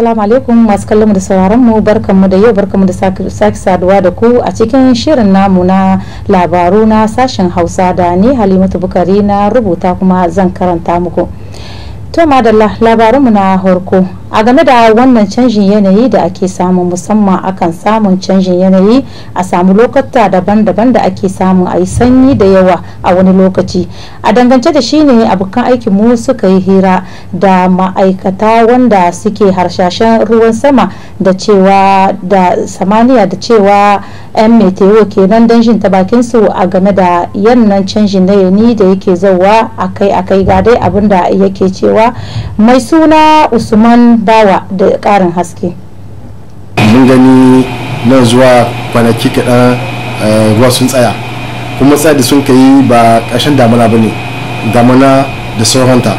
Assalamu alaikum masu kallon da sauraron mu barkanmu da yau barkanmu da sake saduwa da ku a cikin shirin namu na labaru na sashen Hausa da ni Halimatu Bukari na rubuta kuma zan karanta muku. To madalla labarunmu na horko a game da wannan canjin yanayi da ake samu musamman akan samun canjin yanayi a samu lokuta daban-daban da ake samu a yi sanyi da yawa a wani lokaci a dangance da shi shine abokan aikin mu suka yi hira da ma'aikata wanda suke harshashen ruwan sama da cewa da samaniya da cewa 'yan meteo kenan don ta bakin su a game da yannan canjin na yani da yake zauwa akai-akai ga dai abin da yake cewa mai suna usman bawa da ƙarin haske mun gani nan zuwa kwanaki kaɗan eh, ruwa sun tsaya kuma tsaya da sun kai ba ƙarshen damana ba ne damana da sauranta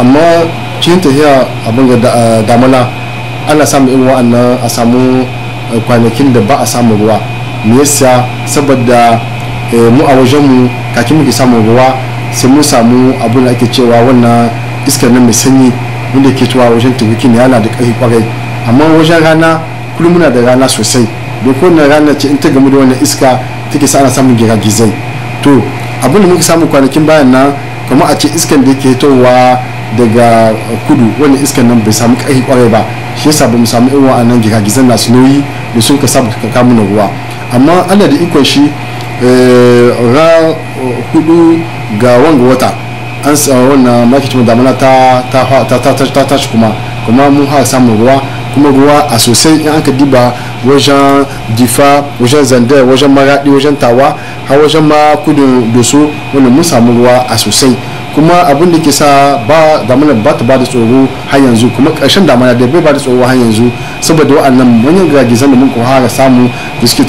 amma cikin tafiya abin da eh, damana ana samun irin wa'annan a samu eh, kwanakin da ba a samun ruwa me yasa saboda mu a wajenmu kakin muke samun ruwa sai mun samu abin da ake cewa wannan iskar nan mai sanyi abinda ke cewa wajen turuki ne yana da ƙarfi kwarai amma wajen rana kullum muna da rana sosai da kowane rana ce in ta gamu da wannan iska take sa ana samun giragizai to abin da muka samu kwanakin bayan nan kamar a ce iskan da yake tawa daga kudu wannan iskan nan bai samu ƙarfi kwarai ba shi yasa ba mu samu irin wa'annan giragizan nasu nauyi da sun ka samu ka kamu na ruwa amma ana da ikon shi eh, ran hudu ga wanga wata an wannan makitin damuna ta tashi kuma kuma mun ha samun ruwa kuma ruwa a sosai in aka diba wajen difa wajen zandar wajen maradi wajen tawa har wajen ma kudin doso wannan mun samu ruwa a sosai kuma abin da ke sa ba damuna ba ta ba da tsoro har yanzu kuma ƙarshen damuna da bai ba da tsoro har yanzu saboda wa'annan manyan girgizan da mun kuma samu da suke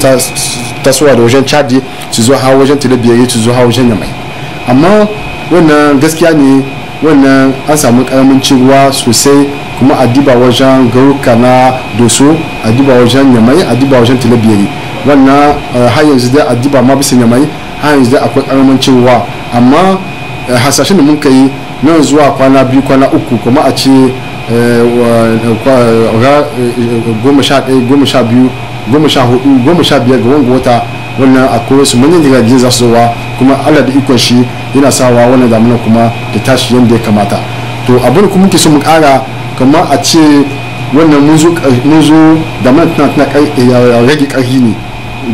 tasowa da wajen chadi su zo har wajen tilabiyar su zo har wajen yamai amma wannan gaskiya ne wannan an samu karamin ruwa sosai kuma a diba wajen garuka na doso a diba wajen yamai a diba wajen talabiyari wannan eh, har yanzu dai a diba ma bisa yamai har yanzu dai akwai karamin ruwa amma eh, hasashen da muka yi nan zuwa kwana biyu kwana uku kuma a ce eh, goma sha ɗaya goma sha biyu goma sha hudu goma sha biyar ga wanga wata wannan akwai su manyan jiragen za su wa kuma allah da ikon shi yana sawa wannan damuna kuma da tashi yadda ya kamata to abin kuma ke so mu kara kamar a ce wannan mun zo damuna tana tana rage karhi ne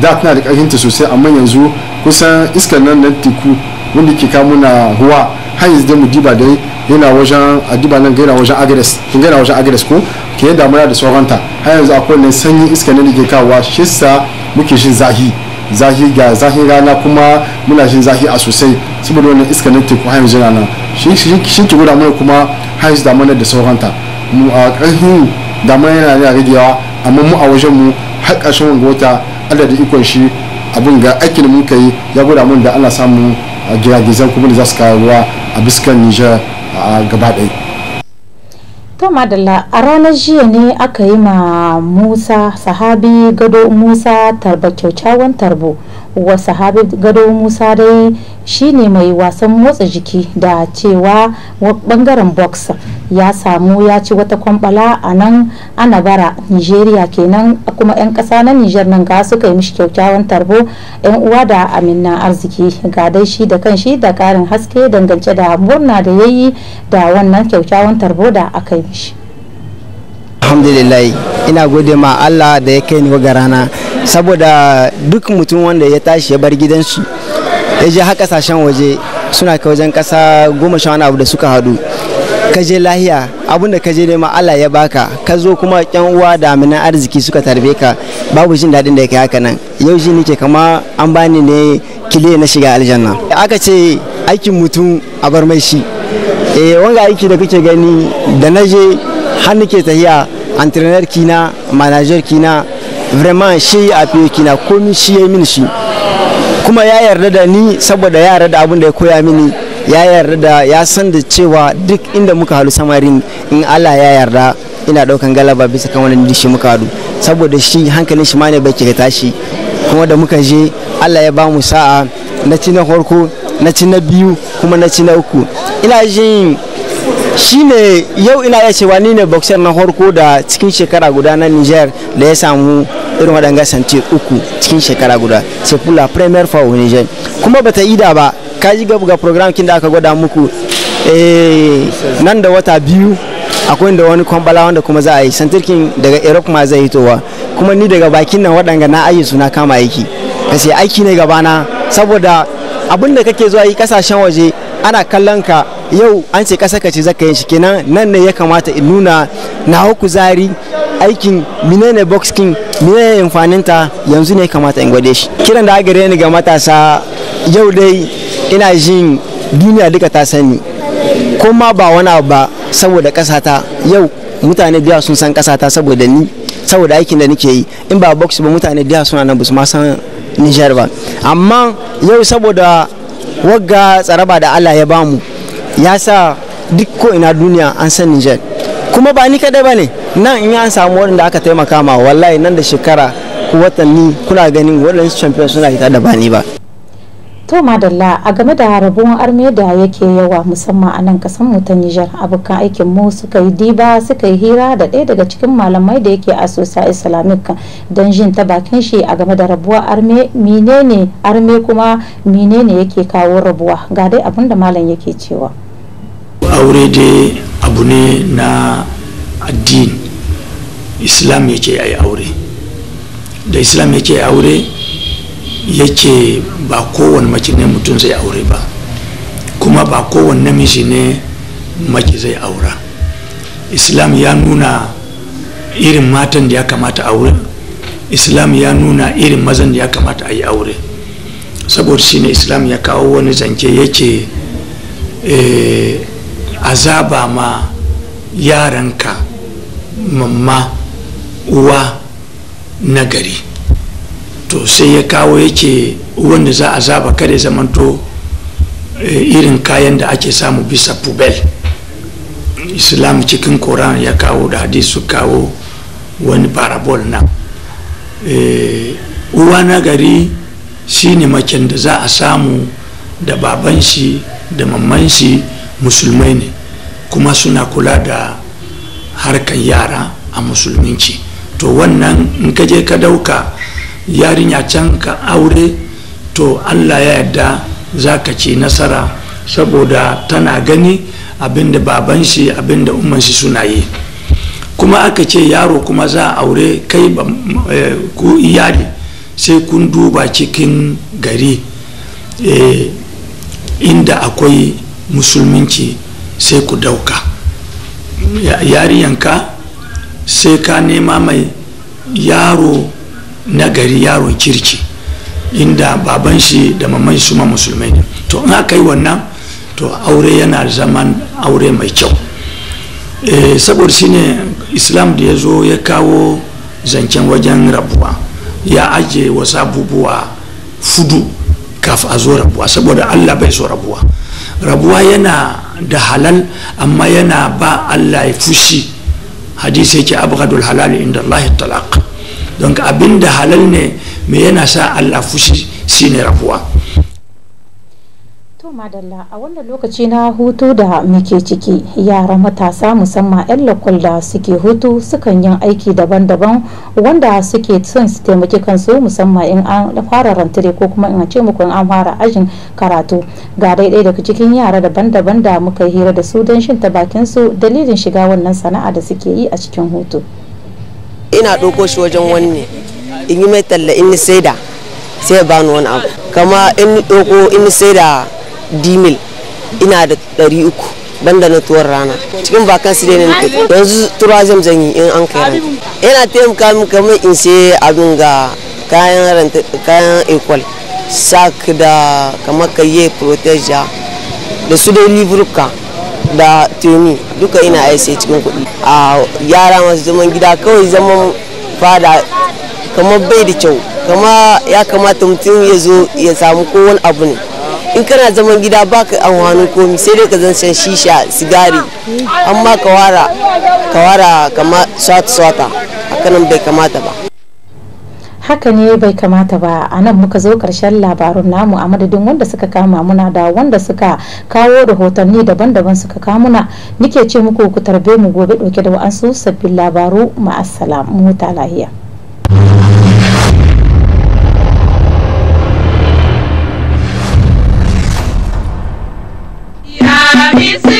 da tana da karhinta sosai amma yanzu kusan iskar nan na teku wanda ke kawo na ruwa har yanzu da mu diba dai yana wajen adiba nan gaira wajen agres kin gaira wajen agres ko ke damuna da sauranta har yanzu akwai nan sanyi iska ne da ke kawo shi sa muke shi zahi zafi ga zafin rana kuma muna jin zafi a sosai saboda wannan iska na teku har yanzu nan shi ke guda mana kuma har yanzu damana da sauranta mu a ƙarfin damana yana yana ragewa amma mu a wajen mu har ƙarshen wanga wata adadin ikon shi abin ga aikin da muka yi ya guda mun da ana samu giragizan kuma da za su kawo ruwa a biskan Nijar a gaba ɗaya. To Madalla a ranar jiya ne aka yi ma Musa sahabi gado Musa tarba kyaukyawan tarbo wasu habib gado musa dai shine mai wasan motsa jiki da cewa bangaren box ya samu ya ci wata kwambala a nan anabara nigeria kenan kuma 'yan kasa na niger nan ga suka yi mishi kyaukyawan tarbo 'yan uwa da amina arziki ga dai shi da kan shi da karin haske dangance da murna da yayi da wannan kyaukyawan tarbo da aka yi mishi alhamdulillah ina gode ma allah da ya kai ni ga rana saboda duk mutum wanda ya tashi ya bar gidansu ya je haka sashen waje suna kai wajen kasa goma sha wani abu da suka hadu ka je lahiya abin da ka je nema Allah ya baka ka zo kuma yan uwa da aminan arziki suka tarbe ka babu jin daɗin da ya kai haka nan yau ji nike kama an bani ne kile na shiga aljanna aka ce aikin mutum a bar mai shi eh, wanga aiki da kuke gani da na je har ke tahiya qui na manager na vraiment shi ya afiye kina komi shi ya min shi kuma ya yarda da ni saboda ya yarda da abin da ya koya mini ya yarda da ya san da cewa duk inda muka halu samarin in Allah ya yarda ina daukan galaba bisa kan wani dishi muka halu saboda shi hankalin shi ma ne bai kika tashi kuma da muka je Allah ya bamu sa'a na ci na farko na ci na biyu kuma na ci na uku ina jin shine yau ina iya cewa ni ne boxer na harko da cikin shekara guda na niger da ya samu irin waɗannan santir uku cikin shekara guda sai fula premier for niger kuma bata ida ba ka ji ga program kin da aka gwada muku eh, nan da wata biyu akwai da wani kwambala wanda kuma za a yi santirkin daga europe ma zai hitowa kuma ni daga bakin nan waɗanga na ayi suna kama aiki sai aiki ne gabana saboda abin da kake zuwa yi kasashen waje ana kallon ka yau an ce kasa ce zaka yin shi kenan nan ne ya kamata in nuna na kuzari aikin menene box king menene amfaninta yanzu ne kamata in gwade shi kiran da gare ni ga matasa yau dai ina jin duniya duka ta sani kuma ba wani abu ba saboda kasata yau mutane biya sun san kasata saboda ni saboda aikin da nake yi in ba box ba mutane biya suna nan ba su ma san Nijar ba amma yau saboda wagga tsaraba da Allah ya bamu ya sa duk ko ina duniya an san Niger kuma ba ni kadai bane nan in an samu wanda aka taimaka ma wallahi nan da shekara ko watanni kuna ganin waɗansu champion suna hita da bani ba to madalla a game da rabuwan arme da yake yawa musamman a nan kasan mu ta Nijar abokan aikin mu suka yi diba suka yi hira da ɗaya daga cikin malamai da yake a sosa islamic don jin ta bakin shi a game da rabuwar arme menene arme kuma menene yake kawo rabuwa ga dai abin da malam yake cewa aure dai abu ne na addini islam yake yi aure da islam yake aure yake ba kowane mace ne mutum zai aure ba kuma ba kowane namiji ne mace zai aura islam ya nuna irin matan da ya kamata aure islam ya nuna irin mazan da ya kamata a yi aure saboda shine islam ya kawo wani zance yake a eh, azaba ma yaranka mamma uwa nagari to sai ya kawo yake wanda da za a zaba kada zamanto eh, irin kayan da ake samu bisa pubel islam cikin koran ya kawo da hadisu kawo wani parabol na eh, uwa na gari shine macen da za a samu da baban shi da mamman shi musulmai ne kuma suna kula da harkar yara a musulminci to wannan in ka je ka dauka yarinya can ka aure to allah ya yarda za ka ci nasara saboda tana gani abinda baban shi abinda umman shi suna yi kuma aka ce yaro kuma za a aure kai ba eh, ku iyali sai kun duba cikin gari eh, inda akwai musulminci sai ku dauka yariyanka sai ka nema mai yaro na gari yaron kirki inda baban shi da maman shi ma musulmai ne to in aka yi wannan to aure yana zaman aure mai kyau e, saboda shine islam da ya zo ya kawo zancen wajen rabuwa ya aje wasu abubuwa fudu kaf a zo rabuwa saboda allah bai so rabuwa rabuwa yana da halal amma yana ba allah ya fushi hadisi yake abu halal inda allah talaka don abin da halal ne me yana sa allah fushi shine rabuwa to madalla a wannan lokaci na hutu da muke ciki yara matasa musamman 'yan lakul da suke hutu sukan yi aiki daban-daban wanda suke son su taimaki kansu musamman in an fara rantare ko kuma in ce muku in an fara ajin karatu ga daidai daga cikin yara daban-daban da muka hira da su don shin ta bakin su dalilin shiga wannan sana'a da suke yi a cikin hutu. ina ɗauko shi wajen wani in yi mai talla in ni saida sai ba ni wani abu kama in ni ɗauko in ni saida dimil ina da ɗari uku banda na tuwar rana cikin bakan su ne nake yanzu turazim zan yi in an kai ranta yana taimaka min kamar in sai abin ga kayan ranta sak da kamar kayye protege da su dai liburuka da tuni duka ina aise cikin kuɗi a yara masu zaman gida kawai zaman fada kamar bai da kyau kama ya kamata mutum ya zo ya samu kowane abu ne in kana zaman gida baka amfanin komi sai dai ka zan shan shisha sigari amma kawara wara kama swata swata hakanan bai kamata ba haka ne bai kamata ba a nan muka zo karshen labarun namu a madadin wanda suka kama muna da wanda suka kawo rahotanni daban-daban suka kamuna nike ce muku ku tarbe mu gobe dauke da wa'ansu sabbin labaru ma'asalamu ta lahiya Yeah,